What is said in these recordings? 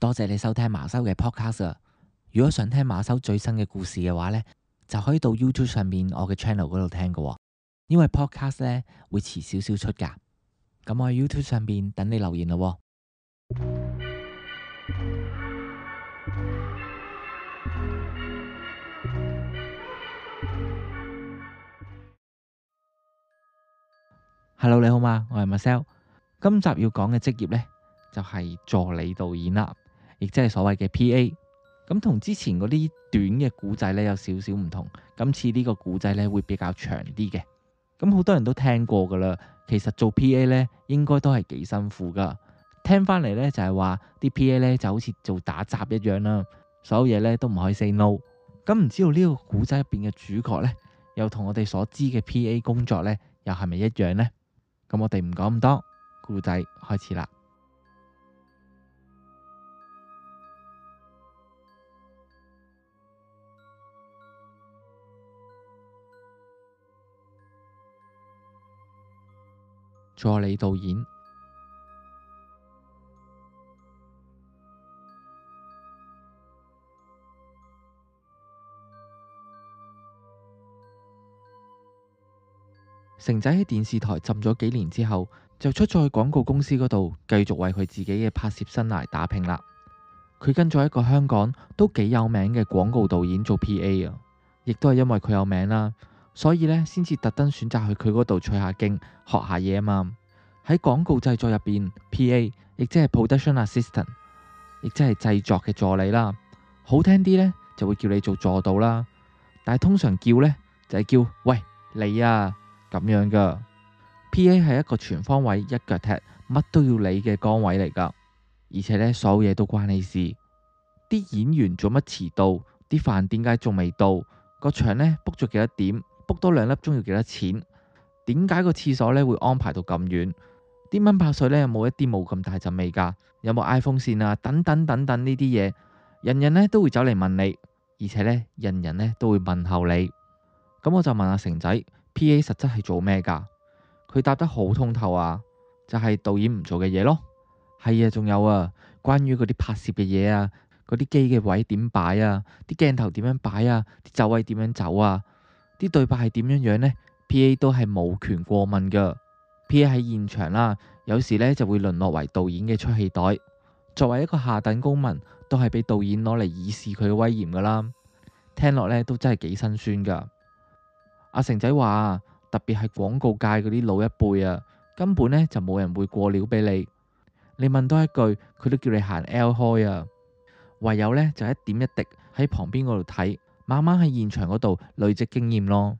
多謝你收聽馬修嘅 podcast。如果想聽馬修最新嘅故事嘅話呢就可以到 YouTube 上面我嘅 channel 嗰度聽噶。因為 podcast 呢會遲少少出噶。咁我喺 YouTube 上面等你留言咯，哦。Hello，你好嗎？我係 Marcel。今集要講嘅職業呢，就係、是、助理導演啦。亦即係所謂嘅 PA，咁同之前嗰啲短嘅古仔呢有少少唔同，今次呢個古仔呢會比較長啲嘅。咁好多人都聽過噶啦，其實做 PA 呢應該都係幾辛苦噶。聽翻嚟呢就係話啲 PA 呢就好似做打雜一樣啦，所有嘢呢都唔可以 say no。咁唔知道呢個古仔入邊嘅主角呢，又同我哋所知嘅 PA 工作呢又係咪一樣呢？咁我哋唔講咁多，故仔開始啦。助理導演，城仔喺電視台浸咗幾年之後，就出咗去廣告公司嗰度，繼續為佢自己嘅拍攝生涯打拼啦。佢跟咗一個香港都幾有名嘅廣告導演做 P.A. 啊，亦都係因為佢有名啦。所以咧，先至特登選擇去佢嗰度取下經，學下嘢啊嘛。喺廣告製作入邊，P.A. 亦即係 Production Assistant，亦即係製作嘅助理啦。好聽啲呢，就會叫你做助導啦。但係通常叫呢，就係、是、叫喂你啊咁樣噶。P.A. 係一個全方位一腳踢，乜都要你嘅崗位嚟噶，而且呢，所有嘢都關你事。啲演員做乜遲到？啲飯點解仲未到？個場呢 book 咗幾多點？卜多兩粒鐘要幾多錢？點解個廁所呢會安排到咁遠？啲蚊拍水呢，有冇一啲冇咁大陣味噶？有冇 iPhone 線啊？等等等等呢啲嘢，人人呢都會走嚟問你，而且呢，人人呢都會問候你。咁、嗯、我就問阿成仔，P.A. 實質係做咩噶？佢答得好通透啊，就係、是、導演唔做嘅嘢咯。係啊，仲有啊，關於嗰啲拍攝嘅嘢啊，嗰啲機嘅位點擺啊，啲鏡頭點樣擺啊，啲走、啊、位點樣走啊？啲對白係點樣樣呢？PA 都係無權過問噶。P.A. 喺現場啦，有時呢就會淪落為導演嘅出氣袋。作為一個下等公民，都係俾導演攞嚟以示佢嘅威嚴噶啦。聽落呢都真係幾辛酸噶。阿、啊、成仔話：特別係廣告界嗰啲老一輩啊，根本呢就冇人會過料俾你。你問多一句，佢都叫你行 L 開啊。唯有呢就一點一滴喺旁邊嗰度睇。慢慢喺現場嗰度累積經驗咯。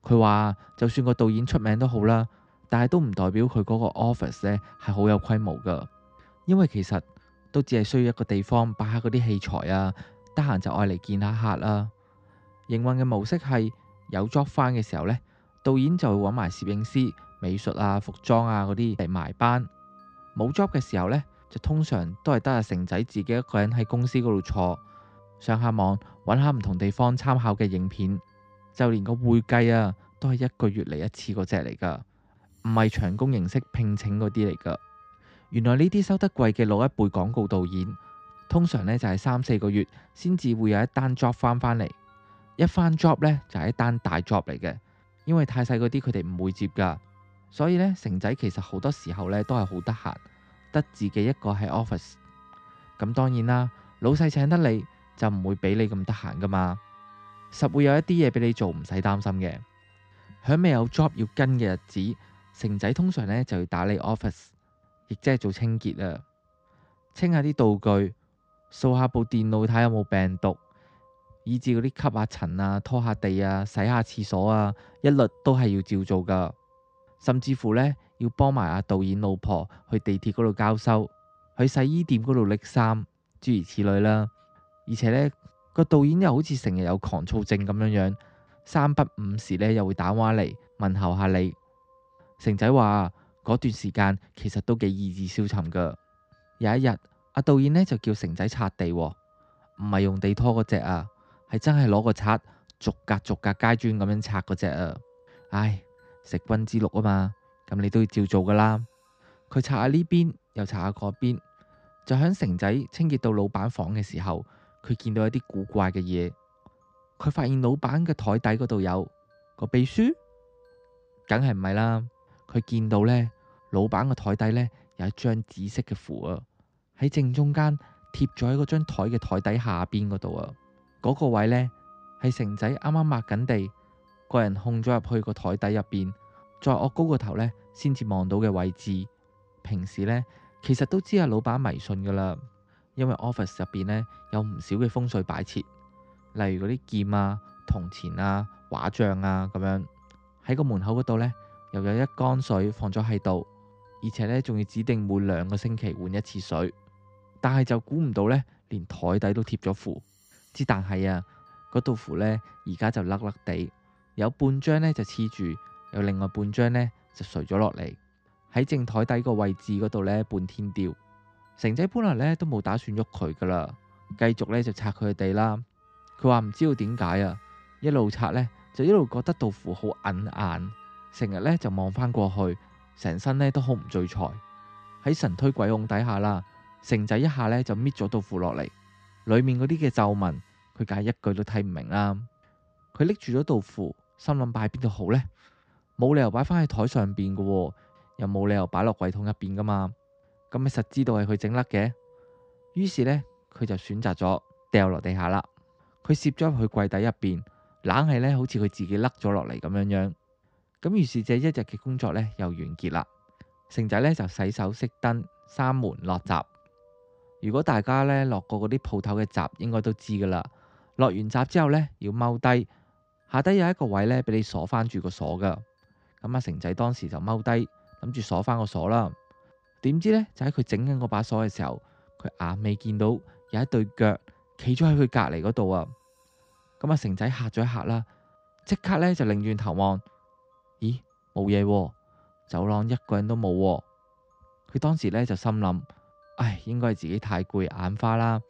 佢話：就算個導演出名都好啦，但係都唔代表佢嗰個 office 咧係好有規模噶。因為其實都只係需要一個地方擺下嗰啲器材啊，得閒就愛嚟見下客啦、啊。營運嘅模式係有 job 返嘅時候呢，導演就會揾埋攝影師、美術啊、服裝啊嗰啲嚟埋班；冇 job 嘅時候呢，就通常都係得阿成仔自己一個人喺公司嗰度坐。上下網揾下唔同地方參考嘅影片，就連個會計啊，都係一個月嚟一次嗰隻嚟㗎，唔係長工形式聘請嗰啲嚟㗎。原來呢啲收得貴嘅老一輩廣告導演，通常呢就係、是、三四個月先至會有一單 job 返返嚟，一返 job 呢就係、是、一單大 job 嚟嘅，因為太細嗰啲佢哋唔會接㗎。所以呢，城仔其實好多時候呢都係好得閒，得自己一個喺 office。咁當然啦，老細請得你，就唔會俾你咁得閒噶嘛，實會有一啲嘢俾你做，唔使擔心嘅。響未有 job 要跟嘅日子，城仔通常呢就要打理 office，亦即係做清潔啊，清下啲道具，掃下部電腦睇下有冇病毒，以至嗰啲吸下塵啊，拖下地啊，洗下廁所啊，一律都係要照做噶。甚至乎呢，要幫埋阿導演老婆去地鐵嗰度交收，去洗衣店嗰度拎衫，諸如此類啦。而且呢個導演又好似成日有狂躁症咁樣樣，三不五時呢又會打電話嚟問候下你。城仔話：嗰段時間其實都幾意志消沉㗎。有一日，阿、啊、導演呢就叫城仔擦地、哦，唔係用地拖嗰隻啊，係真係攞個刷逐格逐格街磚咁樣擦嗰隻啊。唉，食君之祿啊嘛，咁你都要照做㗎啦。佢擦下呢邊，又擦下嗰邊，就響城仔清潔到老闆房嘅時候。佢見到一啲古怪嘅嘢，佢發現老闆嘅台底嗰度有個秘書，梗係唔係啦？佢見到咧，老闆嘅台底咧有一張紫色嘅符啊，喺正中間貼咗喺嗰張台嘅台底下邊嗰度啊，嗰、嗰個位咧係城仔啱啱抹緊地，個人控咗入去個台底入邊，再惡高個頭咧先至望到嘅位置。平時咧其實都知阿老闆迷信噶啦。因為 office 入邊呢有唔少嘅風水擺設，例如嗰啲劍啊、銅錢啊、畫像啊咁樣，喺個門口嗰度呢，又有一缸水放咗喺度，而且呢仲要指定每兩個星期換一次水，但係就估唔到呢，連台底都貼咗符，之但係啊，嗰道符呢而家就甩甩地，有半張呢就黐住，有另外半張呢就垂咗落嚟，喺正台底個位置嗰度呢，半天吊。成仔本來咧都冇打算喐佢噶啦，繼續咧就拆佢哋啦。佢話唔知道點解啊，一路拆咧就一路覺得道符好礙眼，成日咧就望翻過去，成身咧都好唔聚財。喺神推鬼㧬底下啦，成仔一下咧就搣咗道符落嚟，裏面嗰啲嘅咒文，佢梗係一句都睇唔明啦。佢拎住咗道符，心諗擺喺邊度好呢？冇理由擺翻喺台上邊噶，又冇理由擺落櫃桶入邊噶嘛。咁咪、嗯、實知道係佢整甩嘅，於是呢，佢就選擇咗掉落地下啦。佢攝咗去櫃底入邊，冷氣呢好似佢自己甩咗落嚟咁樣樣。咁、嗯、於是這一日嘅工作呢又完結啦。成仔呢就洗手熄燈，閂門落閘。如果大家呢落過嗰啲鋪頭嘅閘，應該都知噶啦。落完閘之後呢，要踎低，下低有一個位呢俾你鎖返住個鎖噶。咁、嗯、阿成仔當時就踎低，諗住鎖返個鎖啦。點知咧，就喺佢整緊嗰把鎖嘅時候，佢眼尾見到有一對腳企咗喺佢隔籬嗰度啊！咁、嗯、阿成仔吓咗一吓啦，即刻咧就擰轉頭望，咦，冇嘢，哦，走廊一個人都冇，哦。佢當時咧就心諗，唉，應該係自己太攰眼花啦，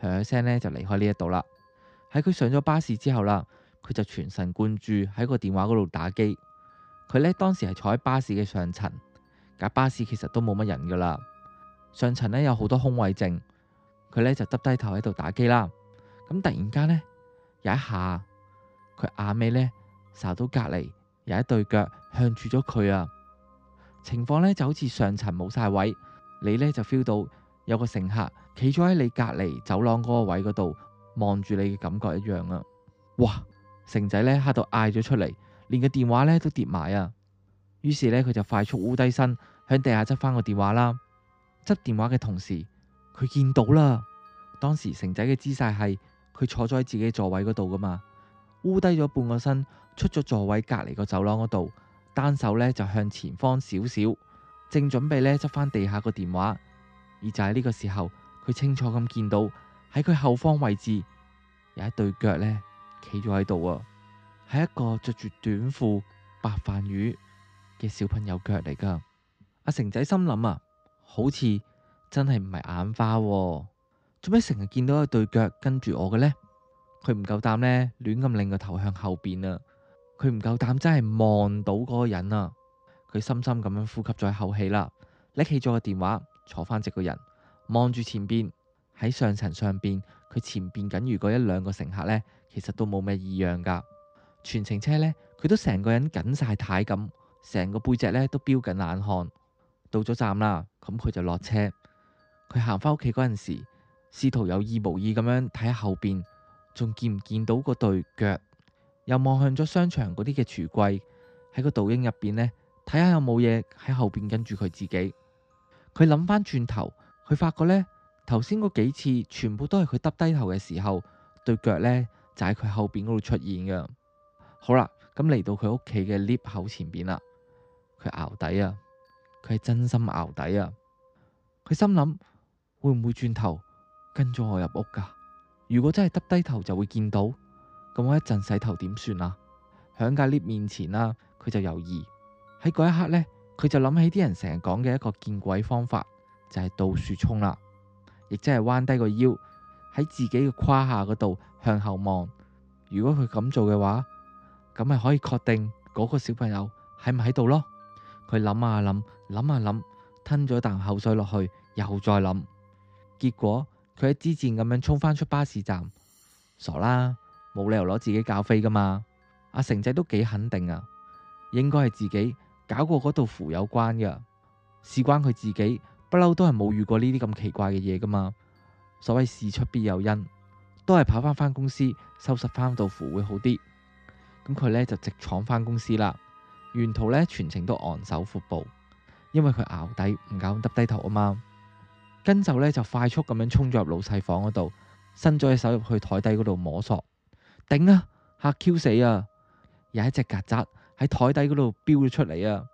噓聲咧就離開呢一度啦。喺佢上咗巴士之後啦，佢就全神貫注喺個電話嗰度打機。佢咧當時係坐喺巴士嘅上層。架巴士其實都冇乜人噶啦，上層呢有好多空位剩，佢呢就耷低頭喺度打機啦。咁突然間呢，有一下佢眼尾呢，睄到隔籬有一對腳向住咗佢啊！情況呢就好似上層冇晒位，你呢就 feel 到有個乘客企咗喺你隔籬走廊嗰個位嗰度望住你嘅感覺一樣啊！哇，成仔呢嚇到嗌咗出嚟，連個電話呢都跌埋啊！於是呢，佢就快速烏低身。向地下執返個電話啦，執電話嘅同時，佢見到啦。當時成仔嘅姿勢係佢坐咗喺自己座位嗰度噶嘛，烏低咗半個身，出咗座位隔籬個走廊嗰度，單手咧就向前方少少，正準備咧執返地下個電話。而就喺呢個時候，佢清楚咁見到喺佢後方位置有一對腳咧，企咗喺度啊，係一個着住短褲白飯魚嘅小朋友腳嚟噶。阿成仔心諗啊，好似真係唔係眼花、哦，做咩成日見到一對腳跟住我嘅呢？佢唔夠膽呢亂咁擰個頭向後邊啊！佢唔夠膽真係望到嗰個人啊！佢深深咁樣呼吸咗一口氣啦，拎起咗個電話坐翻直個人，望住前邊喺上層上邊，佢前邊緊遇過一兩個乘客呢，其實都冇咩異樣噶。全程車呢，佢都成個人緊晒太咁，成個背脊呢都飆緊冷汗。到咗站啦，咁佢就落車。佢行返屋企嗰陣時，試圖有意無意咁樣睇下後邊，仲見唔見到個對腳？又望向咗商場嗰啲嘅櫥櫃喺個倒影入邊呢，睇下有冇嘢喺後邊跟住佢自己。佢諗翻轉頭，佢發覺呢頭先嗰幾次全部都係佢耷低頭嘅時候，對腳呢就喺、是、佢後邊嗰度出現噶。好啦，咁、嗯、嚟到佢屋企嘅 lift 口前邊啦，佢咬底啊！佢係真心淆底啊！佢心諗會唔會轉頭跟咗我入屋噶？如果真係耷低頭就會見到，咁我一陣洗頭點算啊？響隔籬面前啦、啊，佢就猶豫。喺嗰一刻呢，佢就諗起啲人成日講嘅一個見鬼方法，就係倒樹沖啦，亦即係彎低個腰喺自己嘅胯下嗰度向後望。如果佢咁做嘅話，咁咪可以確定嗰個小朋友喺唔喺度咯？佢諗下諗。諗下諗，吞咗啖口，口水落去，又再諗。結果佢一支箭咁樣衝返出巴士站，傻啦，冇理由攞自己教飛噶嘛。阿、啊、成仔都幾肯定啊，應該係自己搞過嗰道符有關嘅，事關佢自己，不嬲都係冇遇過呢啲咁奇怪嘅嘢噶嘛。所謂事出必有因，都係跑返返公司收拾返道符會好啲。咁佢呢就直闖返公司啦，沿途呢全程都昂首闊步。因為佢咬底唔敢耷低頭啊嘛，跟就咧就快速咁樣衝咗入老細房嗰度，伸咗隻手入去台底嗰度摸索，頂啊吓 Q 死啊！有一隻曱甴喺台底嗰度飆咗出嚟啊！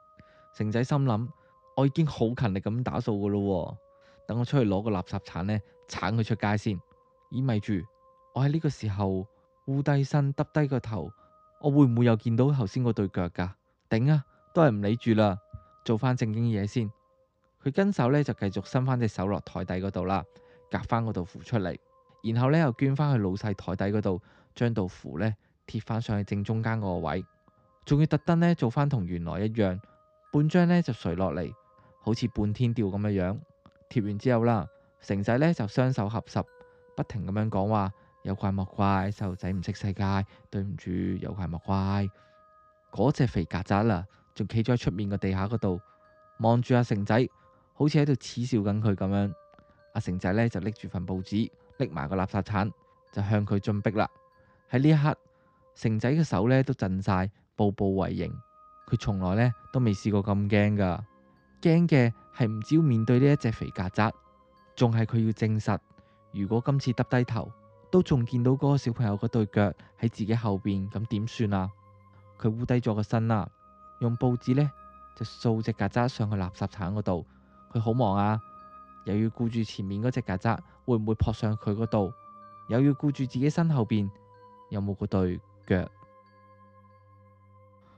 成仔心諗：我已經好勤力咁打掃噶咯，等我出去攞個垃圾鏟咧，鏟佢出街先。咦，咪住我喺呢個時候屈低身耷低個頭，我會唔會又見到頭先嗰對腳噶？頂啊，都係唔理住啦。做返正經嘢先，佢跟手呢，就繼續伸返隻手落台底嗰度啦，夾翻道符出嚟，然後呢，又捐返去老細台底嗰度，將道符呢貼返上去正中間嗰個位，仲要特登呢，做返同原來一樣，半張呢就垂落嚟，好似半天吊咁嘅樣。貼完之後啦，成仔呢就雙手合十，不停咁樣講話，有怪莫怪，細路仔唔識世界，對唔住，有怪莫怪。嗰隻肥曱甴啦。仲企咗喺出面個地下嗰度，望住阿成仔，好似喺度恥笑緊佢咁樣。阿、啊、成仔呢就拎住份報紙，拎埋個垃圾鏟，就向佢進逼啦。喺呢一刻，成仔嘅手呢都震晒，步步為營。佢從來呢都未試過咁驚噶，驚嘅係唔只要面對呢一隻肥曱甴，仲係佢要證實，如果今次耷低頭，都仲見到嗰個小朋友嗰對腳喺自己後邊，咁點算啊？佢烏低咗個身啦！用報紙呢，就掃隻曱甴上去垃圾鏟嗰度。佢好忙啊，又要顧住前面嗰隻曱甴會唔會撲上佢嗰度，又要顧住自己身後邊有冇嗰對腳。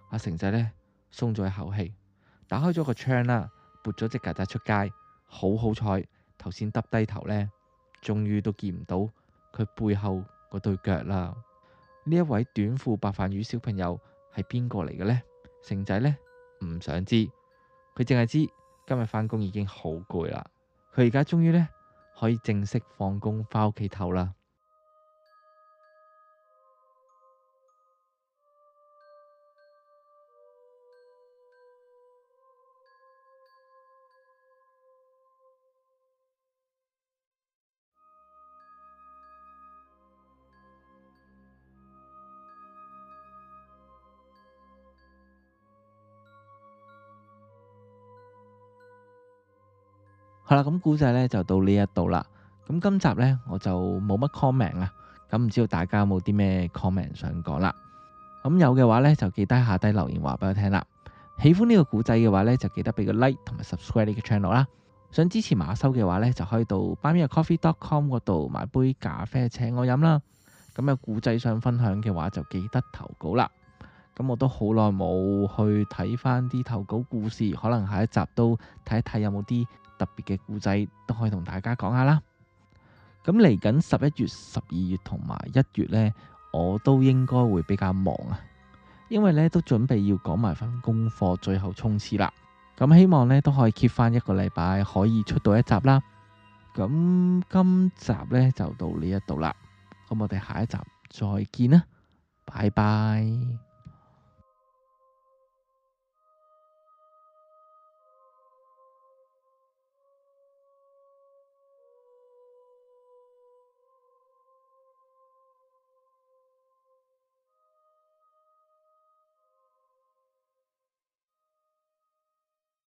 阿、啊、成仔呢，鬆咗一口氣，打開咗個窗啦，撥咗隻曱甴出街。好好彩，頭先耷低頭呢，終於都見唔到佢背後嗰對腳啦。呢一位短褲白飯魚小朋友係邊個嚟嘅呢？成仔咧唔想知，佢淨係知今日返工已經好攰啦。佢而家終於咧可以正式放工，返屋企唞啦。好啦，咁古仔呢就到呢一度啦。咁今集呢，我就冇乜 comment 啦。咁唔知道大家有冇啲咩 comment 想講啦？咁有嘅話呢，就記得下低留言話俾我聽啦。喜歡呢個古仔嘅話呢，就記得俾個 like 同埋 subscribe 呢個 channel 啦。想支持馬修嘅話呢，就可以到 buymeacoffee.com 嗰度買杯咖啡請我飲啦。咁有古仔想分享嘅話就記得投稿啦。咁我都好耐冇去睇翻啲投稿故事，可能下一集都睇一睇有冇啲。特別嘅故仔都可以同大家講下啦。咁嚟緊十一月、十二月同埋一月呢，我都應該會比較忙啊，因為呢都準備要講埋份功課，最後衝刺啦。咁希望呢都可以 keep 翻一個禮拜，可以出到一集啦。咁今集呢就到呢一度啦。咁我哋下一集再見啦，拜拜。